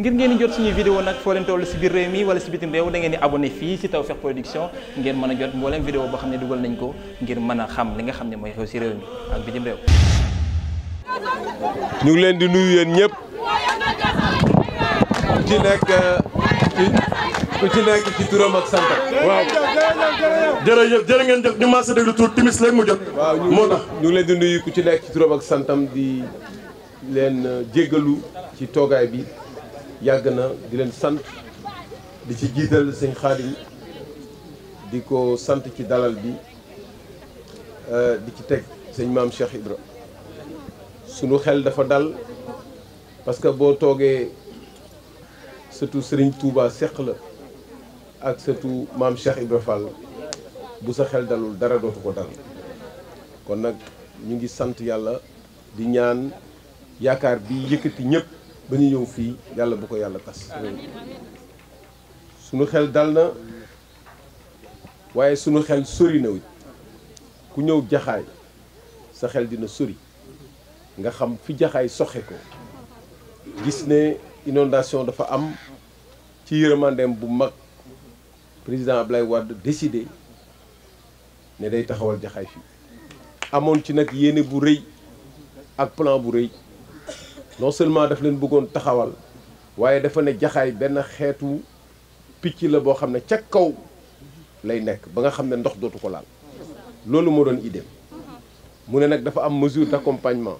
ngir ngeen di jot suñuy vidéo nag foo leen toll si biir réew mi wala si bitim réew da ngeen di abonné fii si Tawfekh Production ngeen mën a jot mboolem vidéo boo xam ne dugal nañ ko ngir mën a xam li nga xam ne mooy xew si réew mi ak bitim réew. ñu leen di nuyu yéen ñëpp ku ci nekk ku ci nekk ci turam ak sant. waaw jërëjëf jërë ngeen jëf ñu maa sa déglu tuur timis léegi mu jot. waaw moo tax ñu ngi leen di nuyu ku ci nekk ci turam ak santam di leen jéggalu ci toogaay bi. yàgg na di leen sant di ci jiital sëñ Xaadim di ko sant ci dalal bi euh, di ci teg sëñ maam Cheikh Ibra sunu xel dafa dal parce que boo toogee surtout sëriñ Touba seq la ak surtout maam Cheikh Ibra Fall bu sa xel dalul dara dootu ko dal kon nag ñu ngi sant yàlla di ñaan yaakaar bi yëkkati ñëpp ba ñu ñëw fii yàlla bu ko yàlla tas sunu xel dal na waaye sunu xel sori na ku ñëw jaxaay sa xel dina sori nga xam fi jaxaay soxe ko gis ne inondation dafa am ci yërmandeem bu mag président lay wàdd décidé ne day taxawal jaxaay fii amoon ci nag yéene bu rëy ak plan bu rëy non seulement dafa leen bëggoon taxawal waaye dafa ne jaxaay benn xeetu picc la boo xam ne ca kaw lay nekk ba nga xam ne ndox dootu ko laal loolu moo doon idée mu ne nag dafa am mesure d'accompagnement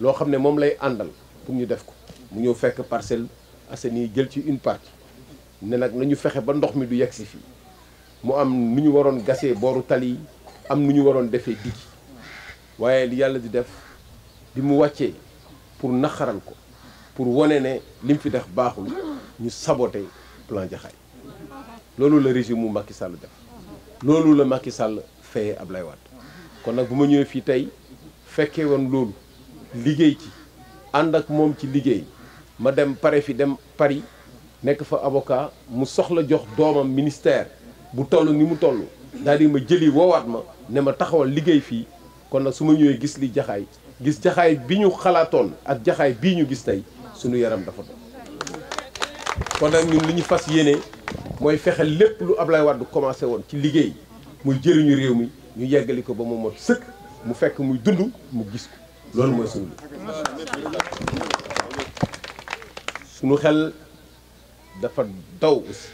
loo xam ne moom lay àndal pour ñu def ko mu ñëw fekk parcelle Parcelles Assainies jël ci une partie ne nag nañu fexe ba ndox mi du yegg si fii mu am nu ñu waroon gasee booru tali am nu ñu waroon defee digg waaye li yàlla di def bi mu wàccee pour naxaral ko pour wane ne li mu fi def baaxul ñu saboter plan Jaxaay loolu la régime mu Macky Sall def loolu la Macky Sall fayee Ablaye Wade kon nag bu ma ñëwee fii tey fekkee woon loolu liggéey ci ànd ak moom ci liggéey ma dem pare fi dem Paris nekk fa avocat mu soxla jox doomam ministère bu toll ni mu toll daal di ma jëli woowaat ma ne ma taxawal liggéey fii kon nag su ma ñëwee gis li Jaxaay gis jaxaay bi ñu xalaatoon ak jaxaay bii ñu gis tey suñu yaram dafa doon kon nag ñun li ñu fas yéene mooy fexe lépp lu Ablaye Wade commencé woon ci liggéey muy jëriñu réew mi ñu yeggali ko ba mu mot sëkk mu fekk muy dund mu gis ko loolu mooy suñu suñu xel dafa daw aussi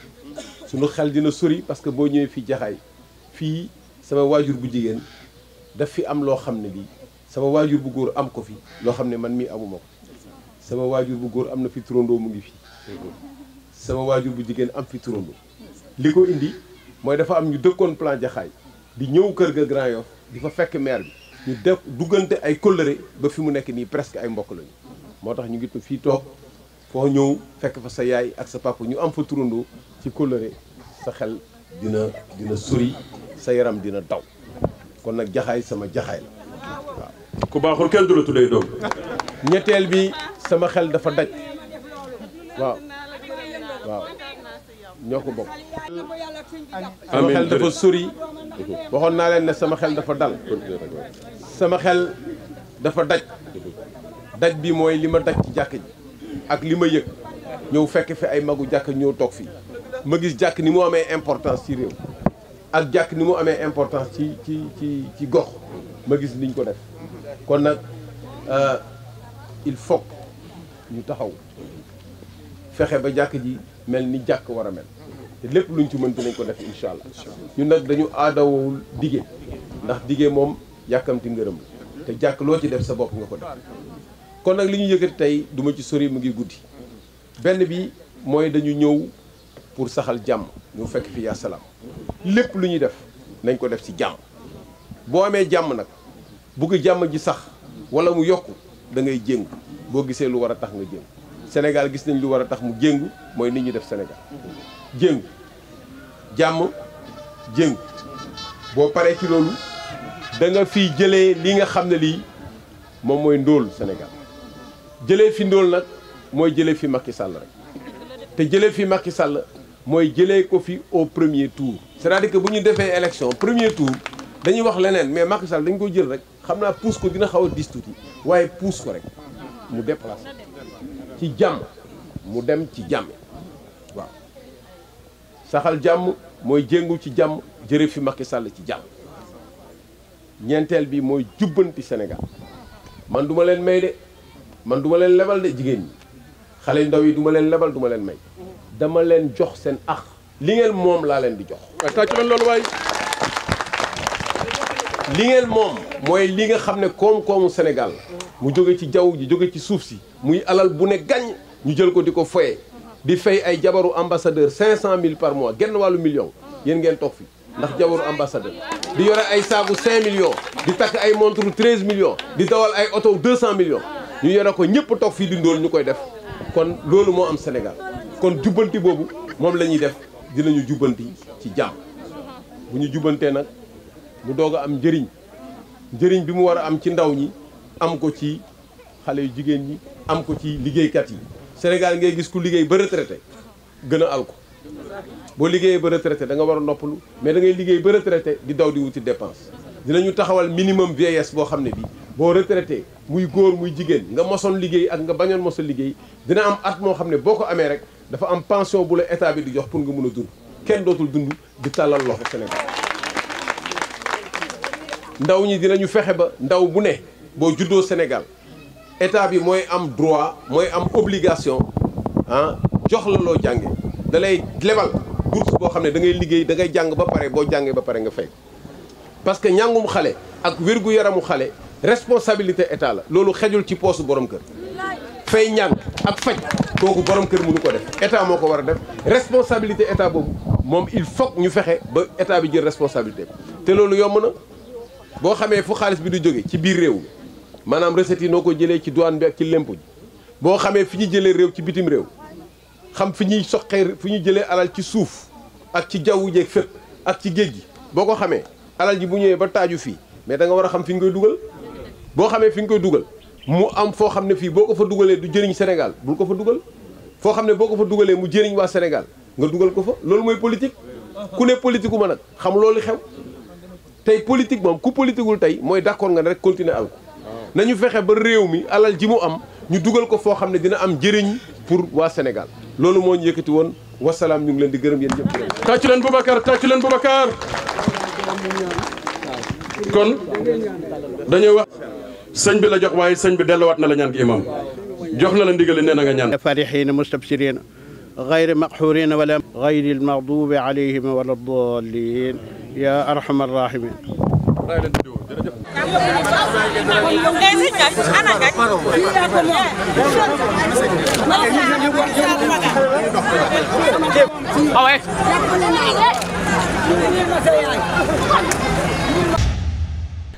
suñu xel dina sori parce que boo ñëwee fii jaxaay fii sama waajur bu jigéen daf fi am loo xam ne lii sama waajur bu góor am ko fi loo xam ne man mii amuma ko sama waajur bu góor am na fi turandoo mu ngi fi sama waajur bu jigéen am fi turandoo li ko indi mooy dafa am ñu dëkkoon plan jaxaay di ñëw kër ga Grand Yoff di fa fekk maire bi ñu def duggante ay kóllëre ba fi mu nekk nii presque ay mbokk lañu moo tax ñu ngi fii toog foo ñëw fekk fa sa yaay ak sa papa ñu am fa turandoo ci kóllëre sa xel dina dina sori sa yaram dina daw kon nag jaxaay sama jaxaay la ku baaxul kenn du la tuddee doom ñetteel bi sama xel dafa daj waaw waaw ñoo ko bokk. sama xel dafa sori. Mhm. waxoon naa leen ne sama xel dafa dal. sama xel dafa daj. daj bi mooy li ma daj ci jàkk ji ak li ma yëg ñëw fekk fi ay magu jàkk ñëw toog fii ma gis jàkk ni mu amee importance ci réew ak jàkk ni mu amee importance ci ci ci ci gox ma gis niñ ko def. kon nag euh, il faut ñu taxaw fexe ba jàkk ji mel ni jàkk war a mel te lépp luñ ci mën nañ ko def incha allah ñun nag dañu aadawul dige ndax dige moom yàkkamti ngërëm la te jàkk loo ci def sa bopp nga ko def kon nag li ñu yëkkati tey duma ci sori mu ngi guddi benn bi mooy dañu ñëw pour saxal jàmm ñu fekk fi yaa lépp lu ñuy def nañ ko def ci jàmm boo amee jàmm nag bugg jàmm ji sax wala mu yokk dangay ngay jéngu boo gisee lu war a tax nga jéngu Sénégal gis nañ lu war a tax mu jéngu mooy nit ñi def Sénégal jéngu jàmm jéngu boo paree ci loolu da fi jëlee li nga xam ne lii moom mooy ndóol Sénégal jëlee fi ndóol nag mooy jëlee fi Macky sàll rek te jëlee fi Macky sàll mooy jëlee ko fi au premier tour. c'est-à-dire bu ñu defee élection premier tour dañuy wax leneen mais Macky Sall dañ ko jël rek. xam naa puus ko dina xaw a tuuti waaye puus ko rek mu déplacé ci jàmm mu dem ci jàmm waaw saxal jàmm mooy jéngu ci jàmm jërë fi Macky sàll ci jàmm ñeenteel bi mooy jubbanti Sénégal man duma leen may de man duma leen lebal de jigéen ñi xale ndaw yi duma leen lebal duma leen may dama leen jox seen ax li ngeen moom laa leen di jox waaye leen loolu waaye li ngeen moom mooy li nga xam ne koom-koomu Sénégal mu jóge ci jaww ji jóge ci suuf si muy alal bu ne gañ ñu jël ko di ko foye di fay ay jabaru ambassadeur cinq cent mille par mois genn wàllu million yéen ngeen toog fi ndax jabaru ambassadeur di yore ay saabu cinq millions di takk ay montre treize millions di dawal ay oto deux cent millions ñu yore ko ñëpp toog fii di ndóol ñu koy def kon loolu moo am Sénégal kon jubbanti boobu moom la ñuy def dinañu jubbanti ci jàmm bu ñu jubbantee nag mu doog a am njëriñ njëriñ bi mu war a am ci ndaw ñi am ko ci xale yu jigéen ñi am ko ci liggéeykat yi Sénégal ngay gis ku liggéey ba retraité gën a al ko boo liggéeyee ba retraité da nga war a noppalu mais da ngay liggéey ba retraité di daw di wuti dépense dinañu taxawal minimum vieillesse boo xam ne bi boo retraité muy góor muy jigéen nga mosoon liggéey ak nga bañoon mosoon liggéey dina am at moo xam ne boo ko amee rek dafa am pension bu la état bi di jox pour nga mun a dund kenn dootul di tàllal loxo Sénégal ndaw ñi dinañu fexe ba ndaw bu ne boo juddoo Sénégal état bi mooy am droit mooy am obligation ah jox la loo jànge dalay lay lebal boo xam ne da ngay liggéey da ngay jàng ba pare boo jàngee ba pare nga fay parce que ñàngum xale ak wér-gu-yaramu xale responsabilité état la loolu xejul ci poosu borom kër fay ñaan ak faj kooku borom kër mënu ko def état moo ko war a def responsabilité état boobu moom il faut ñu fexe ba état bi jël responsabilité te loolu yomb na boo xamee fu xaalis bi du jóge ci biir réew mi maanaam recettes yi noo ko jëlee ci douane bi ak ci lemp boo xamee fi ñuy jëlee réew ci bitim réew xam fi ñuy soqee fi ñu jëlee alal ci suuf ak ci jaww jeeg fépp ak ci géej gi boo ko xamee alal ji mu ñëwee ba taaju fii mais da nga war a xam fi nga koy dugal boo xamee fi nga koy dugal mu am foo xam ne fii boo ko fa dugalee du jëriñ Sénégal bul ko fa dugal foo xam ne boo ko fa dugalee mu jëriñ waa Sénégal nga dugal ko fa loolu mooy politique ku ne politique ku ma nag xam loolu xew tey politique moom ku politiqueul tey mooy d'accord nga ne rek continuer al na ñu fexe ba réew mi alal ji mu am ñu dugal ko foo xam ne dina am jëriñ pour waa Sénégal loolu moo ñu yëkkati woon wasalaam ñu ngi leen di gërëm yéen ñëpp gërëm tàccu leen Boubacar tàccu leen Boubacar kon dañuy wax sëñ bi la jox waaye sëñ bi delluwaat na la ñaan gi imam jox na la ndigal nee na nga ñaan farixiina غير مقحورين ولا غير المغضوب عليهم ولا الضالين يا أرحم الراحمين Oh, wait.